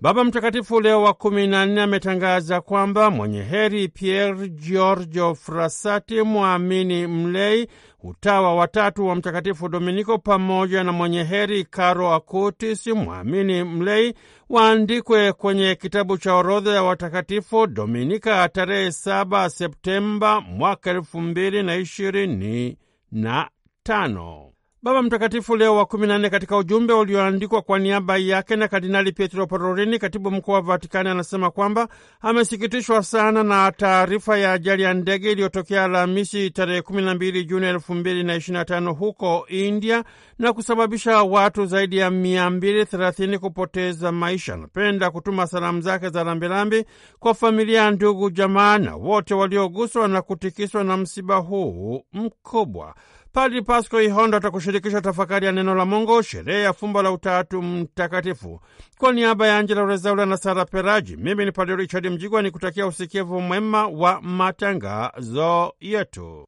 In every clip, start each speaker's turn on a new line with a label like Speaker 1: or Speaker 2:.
Speaker 1: Baba Mtakatifu Leo wa kumi na nne ametangaza kwamba mwenye heri Pier Giorgio Frassati, mwamini mlei, utawa watatu wa Mtakatifu Dominiko, pamoja na mwenye heri Karo Akutis, mwamini mlei, waandikwe kwenye kitabu cha orodha ya watakatifu Dominika tarehe 7 Septemba mwaka elfu mbili na ishirini na tano. Baba Mtakatifu Leo wa kumi katika ujumbe ulioandikwa kwa niaba yake na Kardinali Pietro Parolin, katibu mkuu wa Vatikani, anasema kwamba amesikitishwa sana na taarifa ya ajali ya ndege iliyotokea Alhamisi tarehe 12 Juni 2025 huko India na kusababisha watu zaidi ya 230 kupoteza maisha. Anapenda kutuma salamu zake za rambirambi kwa familia, ndugu, jamaa na wote walioguswa na kutikiswa na msiba huu mkubwa. Padri Pasco Ihondo atakushirikisha tafakari ya neno la Mungu, sherehe ya fumbo la Utatu Mtakatifu. Kwa niaba ya Angela Rezaula na Sara Peraji, mimi ni Padri Richard Mjigwa kutakia usikivu mwema wa matangazo yetu.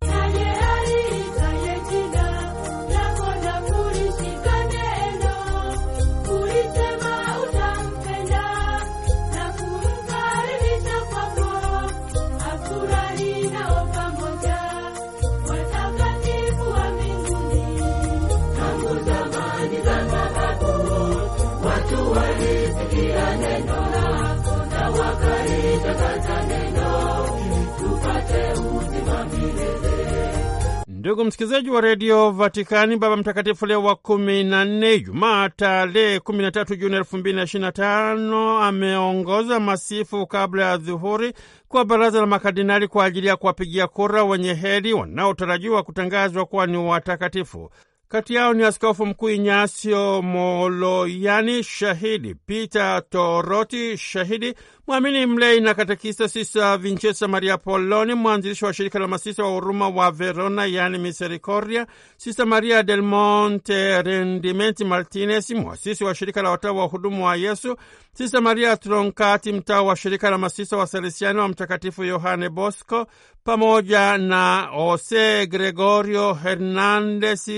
Speaker 1: Ndugu msikilizaji wa redio Vatikani, Baba Mtakatifu Leo wa kumi na nne, Ijumaa tarehe kumi na tatu Juni elfu mbili na ishirini na tano ameongoza masifu kabla ya dhuhuri kwa baraza la makardinali kwa ajili ya kuwapigia kura wenye heri wanaotarajiwa kutangazwa kuwa ni watakatifu. Kati yao ni askofu mkuu Inyasio Moloyani shahidi, Peter Toroti shahidi Mwamini mlei na katekista Sisa Vincenza Maria Poloni, mwanzilishi wa shirika la masisa wa huruma wa Verona, yaani Misericordia; sisa Maria del Monte Rendimenti Martinez, mwasisi wa shirika la watawa wa hudumu wa Yesu; sisa Maria Tronkati, mtawa wa shirika la masisa wa Salesiani wa Mtakatifu Yohane Bosco, pamoja na Jose Gregorio Hernandez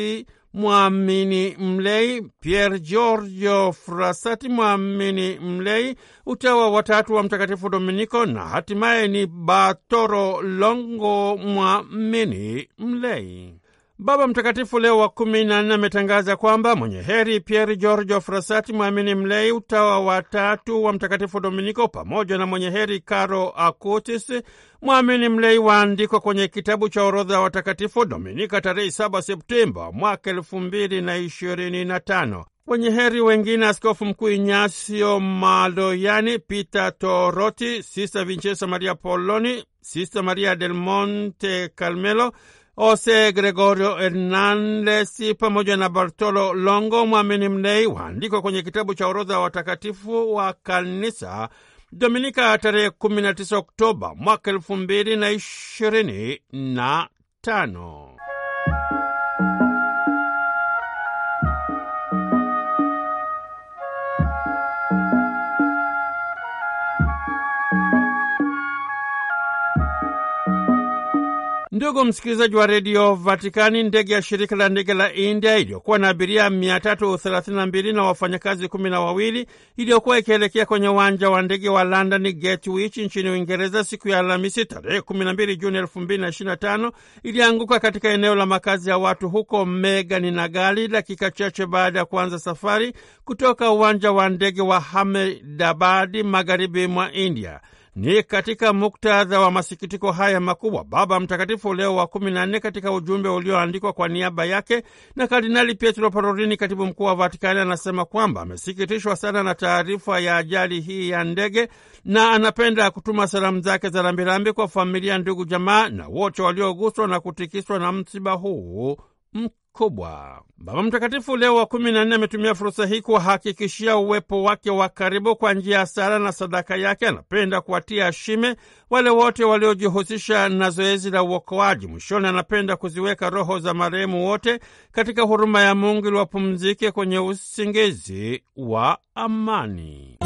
Speaker 1: Mwamini Mlei, Pier Giorgio Frassati Mwamini Mlei, utawa watatu wa Mtakatifu Dominiko na hatimaye ni Bartolo Longo Mwamini Mlei. Baba Mtakatifu Leo wa kumi na nne ametangaza kwamba mwenye heri Pier Giorgio Frassati, mwamini mlei utawa watatu wa Mtakatifu Dominiko, pamoja na mwenye heri Caro Acutis, mwamini mlei waandikwa kwenye kitabu cha orodha ya watakatifu Dominika tarehe 7 Septemba mwaka elfu mbili na ishirini na tano. Wenye heri wengine Askofu Mkuu Inyasio Maloyani, Peter Toroti, Sista Vincenza Maria Poloni, Sista Maria del Monte Carmelo Jose Gregorio Hernandez pamoja na Bartolo Longo, mwamini mlei, waandikwa kwenye kitabu cha orodha ya watakatifu wa kanisa Dominika tarehe 19 Oktoba mwaka elfu mbili na ishirini na tano. Ndugu msikilizaji wa redio Vatikani, ndege ya shirika la ndege la India iliyokuwa na abiria 332 na wafanyakazi kumi na wawili iliyokuwa ikielekea kwenye uwanja wa ndege wa London Gatwich nchini Uingereza siku ya Alhamisi tarehe 12 Juni 2025 ilianguka katika eneo la makazi ya watu huko Megani na Gali, dakika chache baada ya kuanza safari kutoka uwanja wa ndege wa Ahmedabad magharibi mwa India. Ni katika muktadha wa masikitiko haya makubwa, Baba Mtakatifu Leo wa kumi na nne katika ujumbe ulioandikwa kwa niaba yake na Kardinali Pietro parorini katibu mkuu wa Vatikani, anasema kwamba amesikitishwa sana na taarifa ya ajali hii ya ndege na anapenda kutuma salamu zake za rambirambi kwa familia, ndugu, jamaa na wote walioguswa na kutikiswa na msiba huu kubwa. Baba Mtakatifu Leo wa kumi na nne ametumia fursa hii kuwahakikishia uwepo wake wa karibu kwa njia ya sala na sadaka yake. Anapenda kuwatia shime wale wote waliojihusisha na zoezi la uokoaji. Mwishoni, anapenda kuziweka roho za marehemu wote katika huruma ya Mungu ili wapumzike kwenye usingizi wa amani.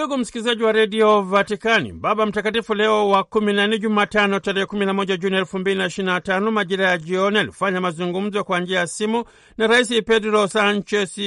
Speaker 1: Ndugu msikilizaji wa redio Vatikani, Baba Mtakatifu Leo wa kumi nne, Jumatano tarehe 11 Juni 2025 majira ya jioni, alifanya mazungumzo kwa njia ya simu na Rais Pedro Sanchez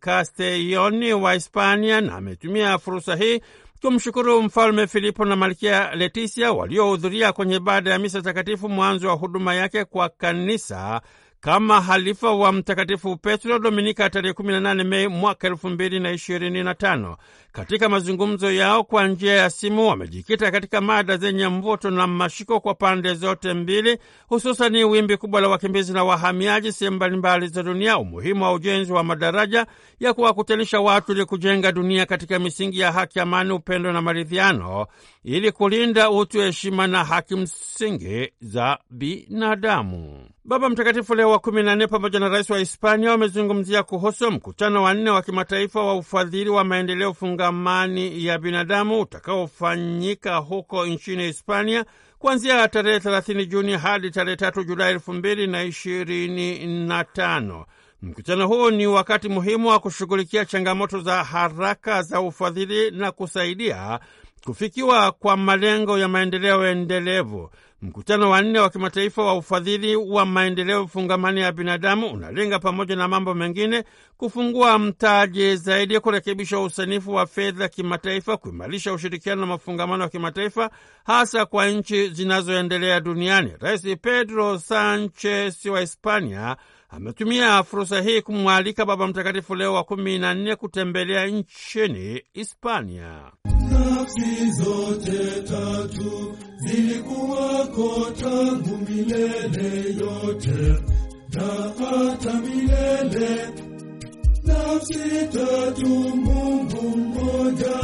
Speaker 1: Castelloni wa Hispania, na ametumia fursa hii kumshukuru Mfalme Filipo na Malkia leticia waliohudhuria kwenye ibada ya misa takatifu, mwanzo wa huduma yake kwa kanisa kama halifa wa Mtakatifu Petro Dominika tarehe 18 Mei mwaka 2025. Katika mazungumzo yao kwa njia ya simu wamejikita katika mada zenye mvuto na mashiko kwa pande zote mbili, hususani wimbi kubwa la wakimbizi na wahamiaji sehemu mbalimbali za dunia, umuhimu wa ujenzi wa madaraja ya kuwakutanisha watu ili kujenga dunia katika misingi ya haki, amani, upendo na maridhiano, ili kulinda utu, heshima na haki msingi za binadamu. Baba Mtakatifu Leo wa kumi na nne pamoja na rais wa Hispania wamezungumzia kuhusu mkutano wa nne wa kimataifa wa ufadhili wa maendeleo fungamani ya binadamu utakaofanyika huko nchini Hispania kuanzia tarehe 30 Juni hadi tarehe 3 Julai elfu mbili na ishirini na tano. Mkutano huu ni wakati muhimu wa kushughulikia changamoto za haraka za ufadhili na kusaidia kufikiwa kwa malengo ya maendeleo endelevu. Mkutano wa nne wa kimataifa wa ufadhili wa maendeleo fungamani ya binadamu unalenga pamoja na mambo mengine kufungua mtaji zaidi, kurekebisha usanifu wa fedha kimataifa, kuimarisha ushirikiano na mafungamano ya kimataifa, hasa kwa nchi zinazoendelea duniani. Rais Pedro Sanchez wa Hispania ametumia fursa hii kumwalika Baba Mtakatifu Leo wa kumi na nne kutembelea nchini Hispania
Speaker 2: nafsi zote tatu zilikuwako tangu milele yote na hata milele. Nafsi tatu Mungu mmoja,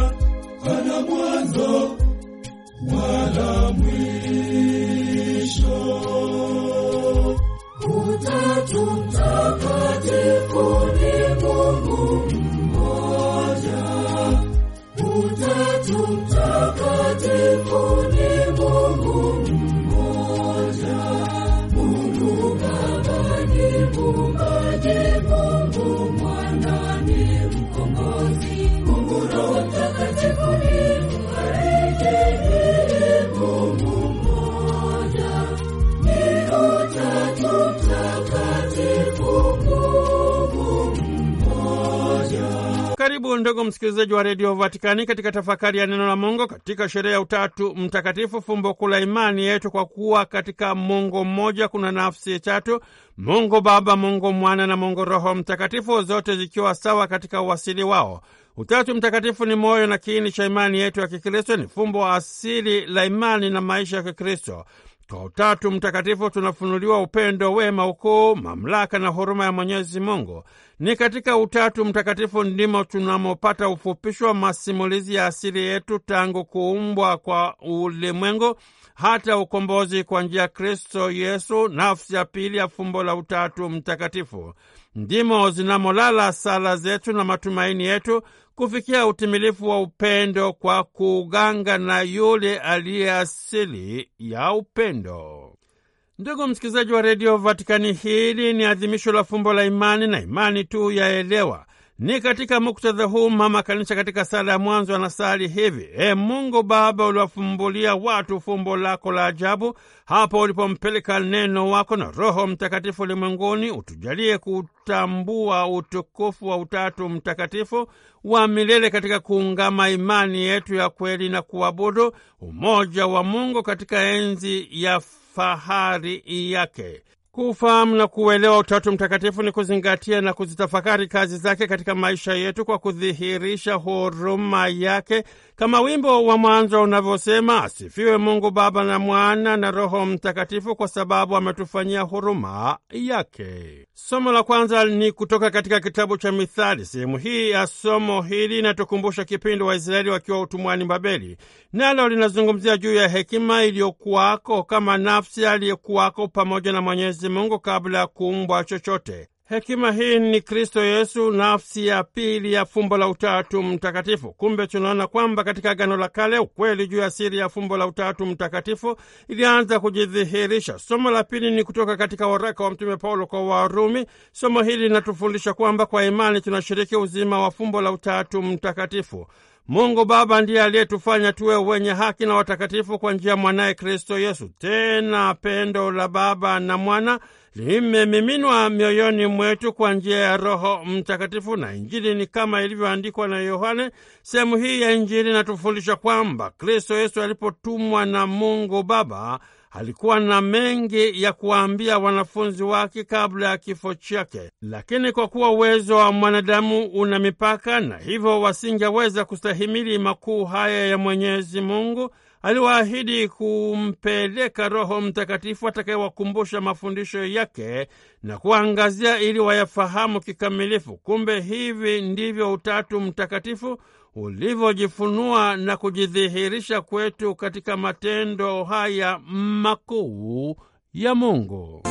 Speaker 2: hana mwanzo wala mwisho. Utatu Mtakatifu ni Mungu
Speaker 1: Karibu ndugu msikilizaji wa redio Vatikani katika tafakari ya neno la Mungu katika sherehe ya Utatu Mtakatifu, fumbo kuu la imani yetu, kwa kuwa katika Mungu mmoja kuna nafsi tatu: Mungu Baba, Mungu Mwana na Mungu Roho Mtakatifu, zote zikiwa sawa katika uwasili wao. Utatu Mtakatifu ni moyo na kiini cha imani yetu ya Kikristo, ni fumbo asili la imani na maisha ya Kikristo. Kwa Utatu Mtakatifu tunafunuliwa upendo, wema, ukuu, mamlaka na huruma ya Mwenyezi Mungu. Ni katika Utatu Mtakatifu ndimo tunamopata ufupisho wa masimulizi ya asili yetu tangu kuumbwa kwa ulimwengu hata ukombozi kwa njia ya Kristo Yesu, nafsi ya pili ya fumbo la Utatu Mtakatifu. Ndimo zinamolala sala zetu na matumaini yetu kufikia utimilifu wa upendo kwa kuuganga na yule aliye asili ya upendo. Ndugu msikilizaji wa redio Vatikani, hili ni adhimisho la fumbo la imani na imani tu yaelewa ni katika muktadha huu mama kanisa katika sala ya mwanzo anasali hivi: E Mungu Baba, uliwafumbulia watu fumbo lako la ajabu hapo ulipompeleka neno wako na Roho Mtakatifu ulimwenguni, utujalie kutambua utukufu wa Utatu Mtakatifu wa milele katika kuungama imani yetu ya kweli na kuabudu umoja wa Mungu katika enzi ya fahari yake. Kuufahamu na kuuelewa Utatu Mtakatifu ni kuzingatia na kuzitafakari kazi zake katika maisha yetu kwa kudhihirisha huruma yake kama wimbo wa mwanzo unavyosema: asifiwe Mungu Baba na Mwana na Roho Mtakatifu, kwa sababu ametufanyia huruma yake. Somo la kwanza ni kutoka katika kitabu cha Mithali. Sehemu hii ya somo hili inatukumbusha kipindi Israeli wakiwa utumwani Babeli, nalo linazungumzia juu ya hekima iliyokuwako kama nafsi aliyekuwako pamoja na Mwenyezi Mungu kabla ya kuumbwa chochote. Hekima hii ni Kristo Yesu, nafsi ya pili ya fumbo la Utatu Mtakatifu. Kumbe tunaona kwamba katika Agano la Kale ukweli juu ya siri ya fumbo la Utatu Mtakatifu ilianza kujidhihirisha. Somo la pili ni kutoka katika waraka wa Mtume Paulo kwa Warumi. Somo hili linatufundisha kwamba kwa imani tunashiriki uzima wa fumbo la Utatu Mtakatifu. Mungu Baba ndiye aliyetufanya tuwe wenye haki na watakatifu kwa njia mwanaye Kristo Yesu. Tena pendo la Baba na Mwana limemiminwa mioyoni mwetu kwa njia ya Roho Mtakatifu, na Injili ni kama ilivyoandikwa na Yohane. Sehemu hii ya Injili inatufundisha kwamba Kristo Yesu alipotumwa na Mungu Baba alikuwa na mengi ya kuwaambia wanafunzi wake kabla ya kifo chake, lakini kwa kuwa uwezo wa mwanadamu una mipaka na hivyo wasingeweza kustahimili makuu haya ya Mwenyezi Mungu, aliwaahidi kumpeleka Roho Mtakatifu atakayewakumbusha mafundisho yake na kuangazia ili wayafahamu kikamilifu. Kumbe hivi ndivyo Utatu Mtakatifu ulivyojifunua na kujidhihirisha kwetu katika matendo haya makuu ya Mungu.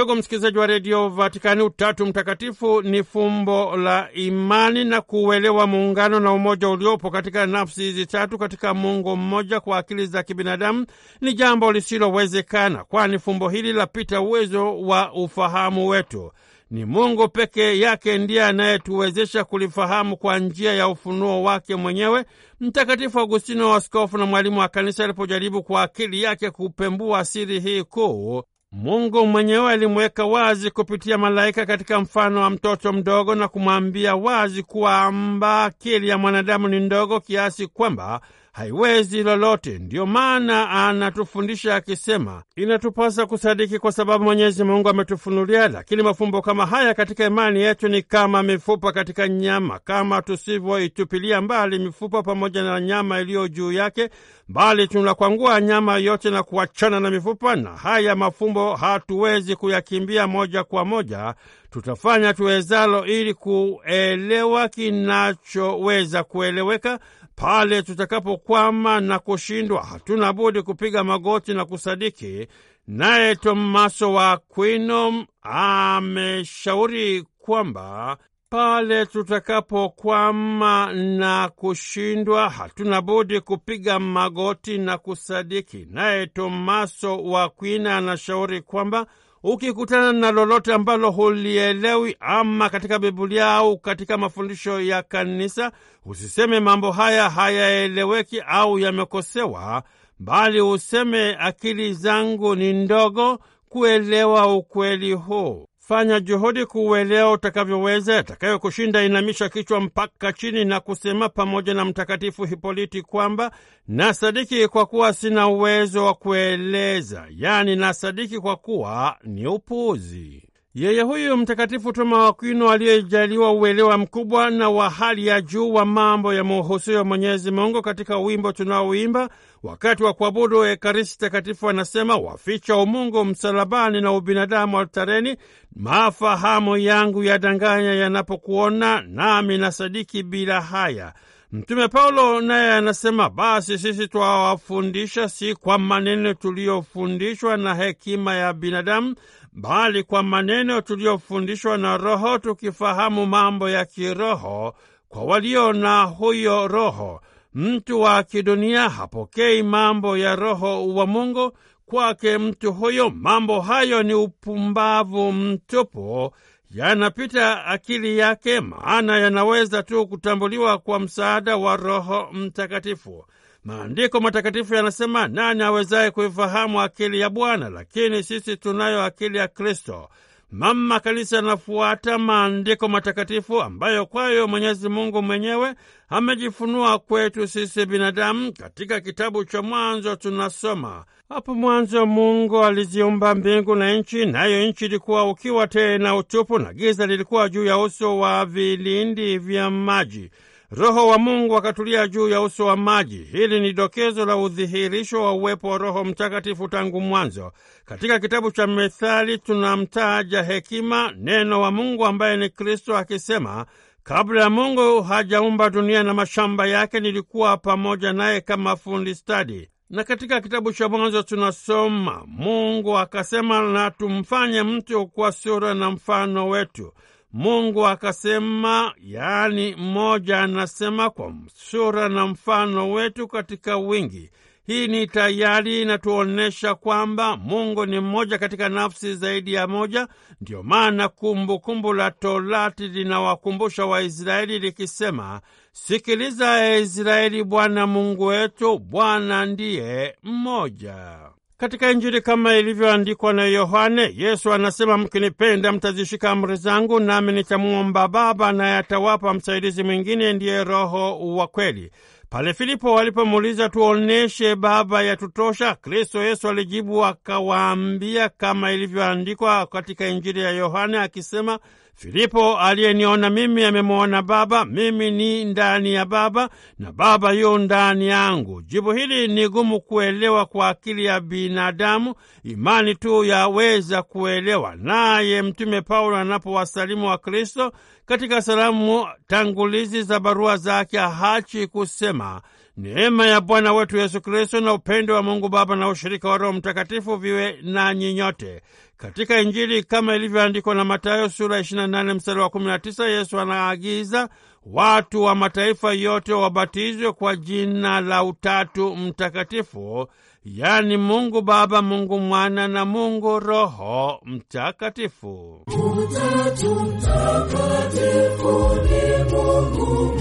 Speaker 1: Ndugu msikilizaji wa redio Vatikani, Utatu Mtakatifu ni fumbo la imani na kuwelewa muungano na umoja uliopo katika nafsi hizi tatu katika Mungu mmoja kwa akili za kibinadamu ni jambo lisilowezekana, kwani fumbo hili lapita uwezo wa ufahamu wetu. Ni Mungu peke yake ndiye anayetuwezesha kulifahamu kwa njia ya ufunuo wake mwenyewe. Mtakatifu Agustino wa askofu na mwalimu wa kanisa alipojaribu kwa akili yake kupembua siri hii kuu, Mungu mwenyewe alimweka wazi kupitia malaika katika mfano wa mtoto mdogo na kumwambia wazi kwamba akili ya mwanadamu ni ndogo kiasi kwamba haiwezi lolote. Ndiyo maana anatufundisha akisema, inatupasa kusadiki kwa sababu Mwenyezi Mungu ametufunulia. Lakini mafumbo kama haya katika imani yetu ni kama mifupa katika nyama, kama tusivyoitupilia mbali mifupa pamoja na nyama iliyo juu yake, bali tunakwangua nyama yote na kuachana na mifupa. Na haya mafumbo hatuwezi kuyakimbia moja kwa moja, tutafanya tuwezalo ili kuelewa kinachoweza kueleweka pale tutakapokwama na kushindwa, hatuna budi kupiga magoti na kusadiki. Naye Tomaso wa kwino ameshauri kwamba pale tutakapokwama na kushindwa, hatuna budi kupiga magoti na kusadiki. Naye Tomaso wa Akwino anashauri kwamba ukikutana na lolote ambalo hulielewi ama katika Biblia au katika mafundisho ya kanisa, usiseme mambo haya hayaeleweki au yamekosewa, bali useme akili zangu ni ndogo kuelewa ukweli huu. Fanya juhudi kuuelewa utakavyoweza. Atakayokushinda inamisha kichwa mpaka chini na kusema pamoja na Mtakatifu Hipoliti kwamba nasadiki kwa kuwa sina uwezo wa kueleza, yaani nasadiki kwa kuwa ni upuuzi. Yeye huyu Mtakatifu Toma wa Akwino aliyejaliwa uelewa mkubwa na wa hali ya juu wa mambo ya muhusuyo Mwenyezi Mungu, katika wimbo tunaoimba wakati wa kuabudu Ekaristi Takatifu anasema, waficha umungu msalabani na ubinadamu altareni, mafahamu yangu yadanganya yanapokuona, nami nasadiki bila haya. Mtume Paulo naye anasema, basi sisi twawafundisha si kwa maneno tuliyofundishwa na hekima ya binadamu bali kwa maneno tuliyofundishwa na Roho, tukifahamu mambo ya kiroho kwa walio na huyo Roho. Mtu wa kidunia hapokei mambo ya Roho wa Mungu. Kwake mtu huyo mambo hayo ni upumbavu mtupu, yanapita akili yake, maana yanaweza tu kutambuliwa kwa msaada wa Roho Mtakatifu. Maandiko matakatifu yanasema, nani awezaye kuifahamu akili ya Bwana? Lakini sisi tunayo akili ya Kristo. Mama Kanisa anafuata maandiko matakatifu ambayo kwayo Mwenyezi Mungu mwenyewe amejifunua kwetu sisi binadamu. Katika kitabu cha Mwanzo tunasoma, hapo mwanzo Mungu aliziumba mbingu na nchi, nayo nchi ilikuwa ukiwa tena utupu, na giza lilikuwa juu ya uso wa vilindi vya maji, Roho wa Mungu akatulia juu ya uso wa maji. Hili ni dokezo la udhihirisho wa uwepo wa Roho Mtakatifu tangu mwanzo. Katika kitabu cha Methali tunamtaja hekima, neno wa Mungu ambaye ni Kristo, akisema kabla ya Mungu hajaumba dunia na mashamba yake, nilikuwa pamoja naye kama fundi stadi. Na katika kitabu cha Mwanzo tunasoma Mungu akasema, na tumfanye mtu kwa sura na mfano wetu. Mungu akasema, yaani mmoja anasema kwa sura na mfano wetu katika wingi. Hii ni tayari inatuonyesha kwamba Mungu ni mmoja katika nafsi zaidi ya moja. Ndiyo maana Kumbukumbu la Torati linawakumbusha Waisraeli likisema, sikiliza ee Israeli, Bwana Mungu wetu, Bwana ndiye mmoja. Katika Injili kama ilivyoandikwa na Yohane, Yesu anasema mkinipenda, mtazishika amri zangu, nami nitamwomba Baba naye atawapa msaidizi mwingine, ndiye Roho wa kweli. Pale Filipo walipomuuliza tuoneshe Baba yatutosha, Kristo Yesu alijibu akawaambia kama ilivyoandikwa katika Injili ya Yohane akisema Filipo aliyeniona mimi amemwona Baba, mimi ni ndani ya Baba na Baba yu ndani yangu. Jibu hili ni gumu kuelewa kwa akili ya binadamu, imani tu yaweza kuelewa. Naye Mtume Paulo anapowasalimu wa Kristo katika salamu tangulizi za barua zake hachi kusema Neema ya Bwana wetu Yesu Kristo na upendo wa Mungu Baba na ushirika wa Roho Mtakatifu viwe nanyi nyote. Katika Injili kama ilivyoandikwa na Mathayo sura 28 mstari wa 19, Yesu anaagiza watu wa mataifa yote wabatizwe kwa jina la Utatu Mtakatifu, yaani Mungu Baba, Mungu Mwana na Mungu Roho
Speaker 2: Mtakatifu. Utatu Mtakatifu ni Mungu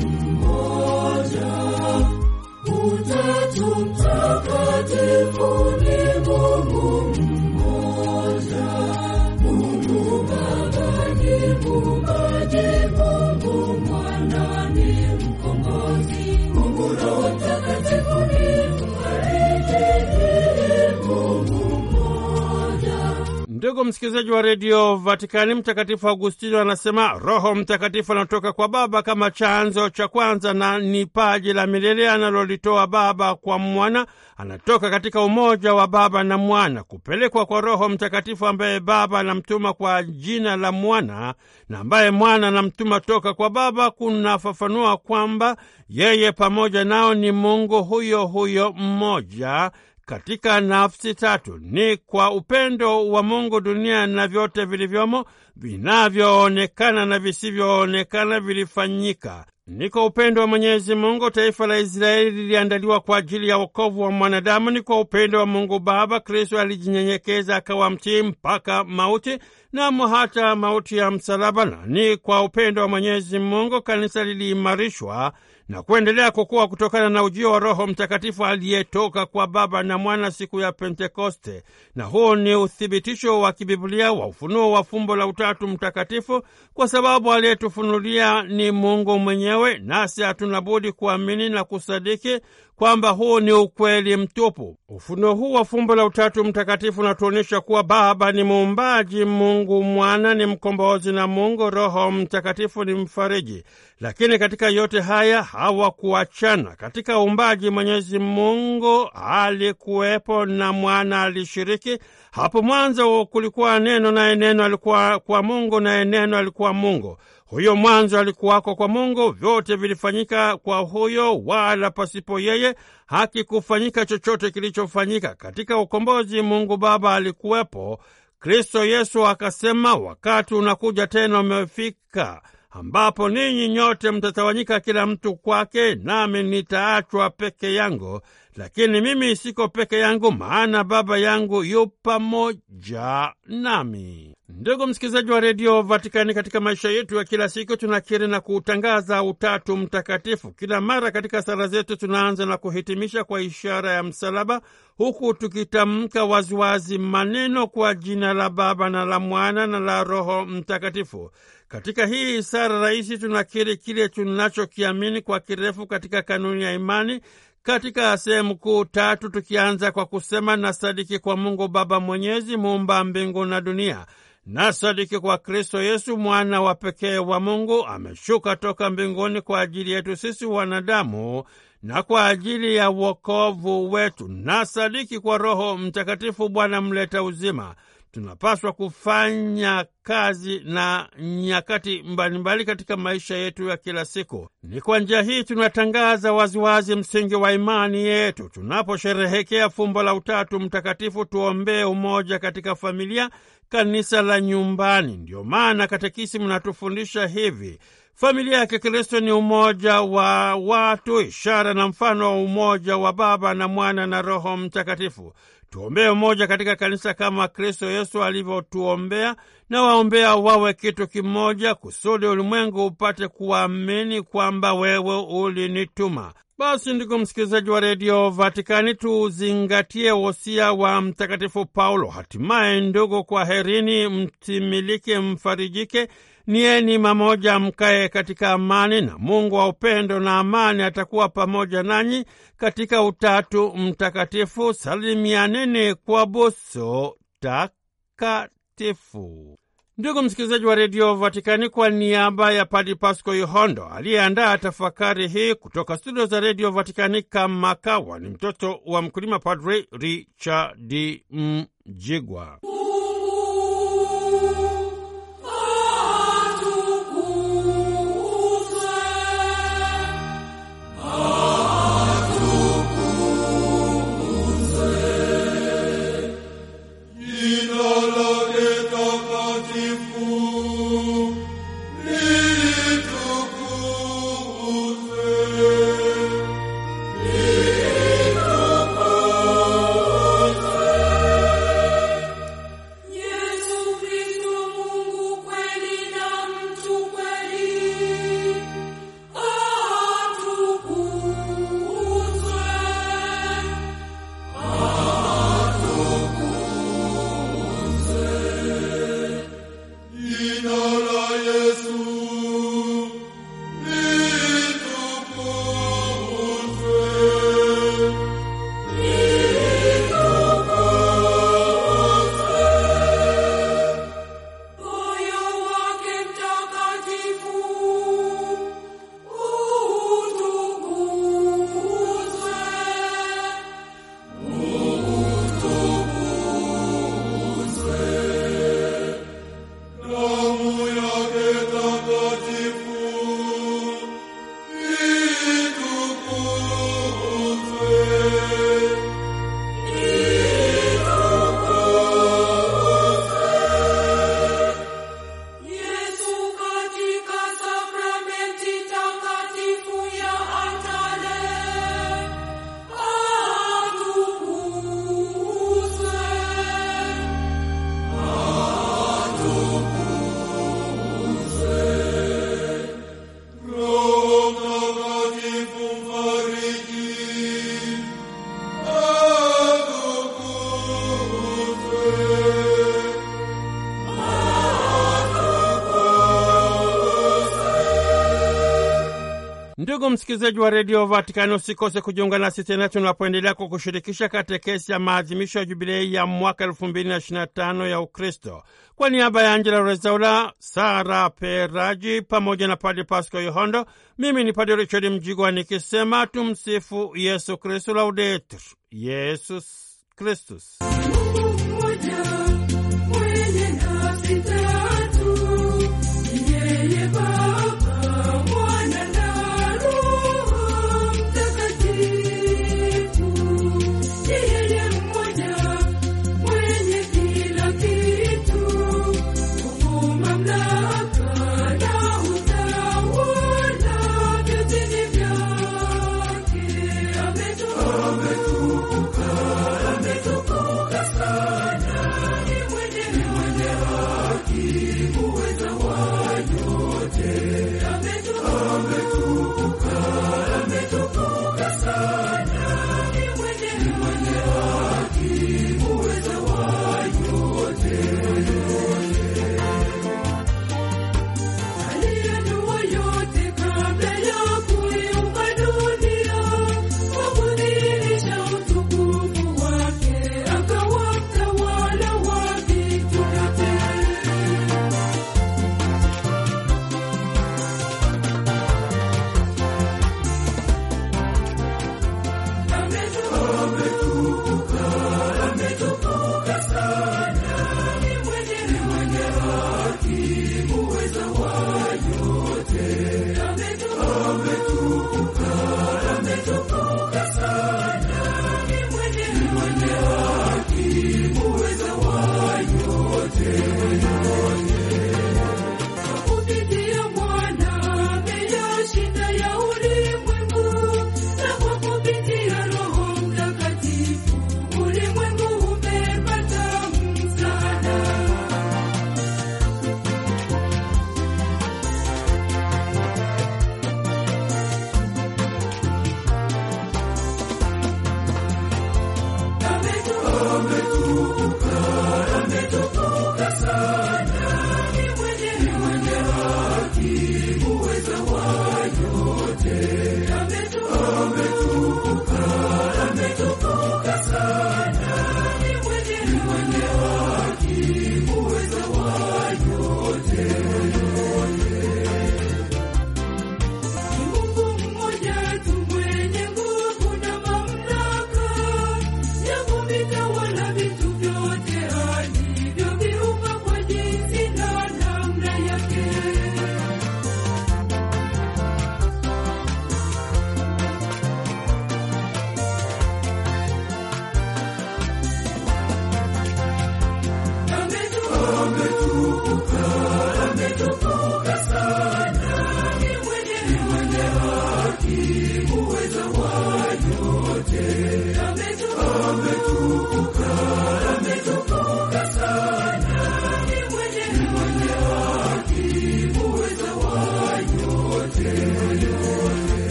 Speaker 2: Utatu mtakatifu ni Mungu
Speaker 1: Ndugu msikilizaji wa redio Vatikani, Mtakatifu Agustino anasema Roho Mtakatifu anatoka kwa Baba kama chanzo cha kwanza na ni paji la milele analolitoa Baba kwa Mwana. Anatoka katika umoja wa Baba na Mwana. Kupelekwa kwa Roho Mtakatifu ambaye Baba anamtuma kwa jina la Mwana na ambaye Mwana anamtuma toka kwa Baba kunafafanua kwamba yeye pamoja nao ni Mungu huyo huyo mmoja katika nafsi tatu, ni kwa upendo wa Mungu dunia na vyote vilivyomo, vinavyoonekana na visivyoonekana vilifanyika. Ni kwa upendo wa Mwenyezi Mungu taifa la Israeli liliandaliwa kwa ajili ya wokovu wa mwanadamu. Ni kwa upendo wa Mungu Baba Kristo alijinyenyekeza akawa mtii mpaka mauti namo hata mauti ya msalaba, na ni kwa upendo wa Mwenyezi Mungu kanisa liliimarishwa na kuendelea kukua kutokana na ujio wa Roho Mtakatifu aliyetoka kwa Baba na Mwana siku ya Pentekoste. Na huu ni uthibitisho wa kibibulia wa ufunuo wa fumbo la Utatu Mtakatifu, kwa sababu aliyetufunulia ni Mungu mwenyewe, nasi hatuna budi kuamini na kusadiki kwamba huu ni ukweli mtupu. Ufunuo huu wa fumbo la Utatu Mtakatifu unatuonyesha kuwa Baba ni Muumbaji, Mungu Mwana ni Mkombozi na Mungu Roho Mtakatifu ni Mfariji. Lakini katika yote haya hawakuachana. Katika uumbaji, Mwenyezi Mungu alikuwepo na Mwana alishiriki hapo mwanzo kulikuwa neno, naye neno alikuwa kwa Mungu, naye neno alikuwa Mungu. Huyo mwanzo alikuwako kwa Mungu. Vyote vilifanyika kwa huyo, wala pasipo yeye hakikufanyika chochote kilichofanyika. Katika ukombozi, Mungu Baba alikuwepo. Kristo Yesu akasema, wakati unakuja tena umefika ambapo ninyi nyote mtatawanyika kila mtu kwake, nami nitaachwa peke yangu lakini mimi siko peke yangu, maana Baba yangu yu pamoja nami. Ndugu msikilizaji wa redio Vatikani, katika maisha yetu ya kila siku tunakiri na kuutangaza Utatu Mtakatifu. Kila mara katika sala zetu tunaanza na kuhitimisha kwa ishara ya msalaba, huku tukitamka waziwazi maneno kwa jina la Baba na la Mwana na la Roho Mtakatifu. Katika hii sala rahisi tunakiri kile tunachokiamini kwa kirefu katika kanuni ya imani katika sehemu kuu tatu, tukianza kwa kusema na sadiki kwa Mungu Baba Mwenyezi, muumba mbingu na dunia, na sadiki kwa Kristo Yesu, mwana wa pekee wa Mungu, ameshuka toka mbinguni kwa ajili yetu sisi wanadamu na kwa ajili ya wokovu wetu, na sadiki kwa Roho Mtakatifu, Bwana mleta uzima tunapaswa kufanya kazi na nyakati mbalimbali mbali katika maisha yetu ya kila siku. Ni kwa njia hii tunatangaza waziwazi msingi wa imani yetu. Tunaposherehekea fumbo la Utatu Mtakatifu, tuombee umoja katika familia, kanisa la nyumbani. Ndiyo maana katekisimu mnatufundisha hivi: Familia ya Kikristo ni umoja wa watu, ishara na mfano wa umoja wa Baba na Mwana na Roho Mtakatifu. Tuombee umoja katika kanisa kama Kristo Yesu alivyotuombea, na waombea wawe kitu kimoja, kusudi ulimwengu upate kuamini kwamba wewe ulinituma. Basi ndugu msikilizaji wa redio Vatikani, tuzingatie wosia wa Mtakatifu Paulo. Hatimaye ndugu, kwa herini mtimilike, mfarijike nieni mamoja, mkae katika amani, na Mungu wa upendo na amani atakuwa pamoja nanyi katika Utatu Mtakatifu. Salimianeni kwa buso takatifu. Ndugu msikilizaji wa redio Vatikani, kwa niaba ya Padi Pasco Yohondo aliyeandaa tafakari hii kutoka studio za redio Vatikani, kama kawa ni mtoto wa mkulima, Padre Richard Mjigwa. Ndugu msikilizaji wa redio Vatikani, usikose kujiunga nasi tena tunapoendelea kwa kushirikisha katekesi ya maadhimisho ya jubilei ya mwaka elfu mbili na tano ya Ukristo. Kwa niaba ya Angela Rezaula, Sara Peraji pamoja na Padi Pasco Yohondo, mimi ni Padi Richard Mjigwa nikisema tumsifu Yesu Kristu, Laudetur Yesus
Speaker 2: Kristus.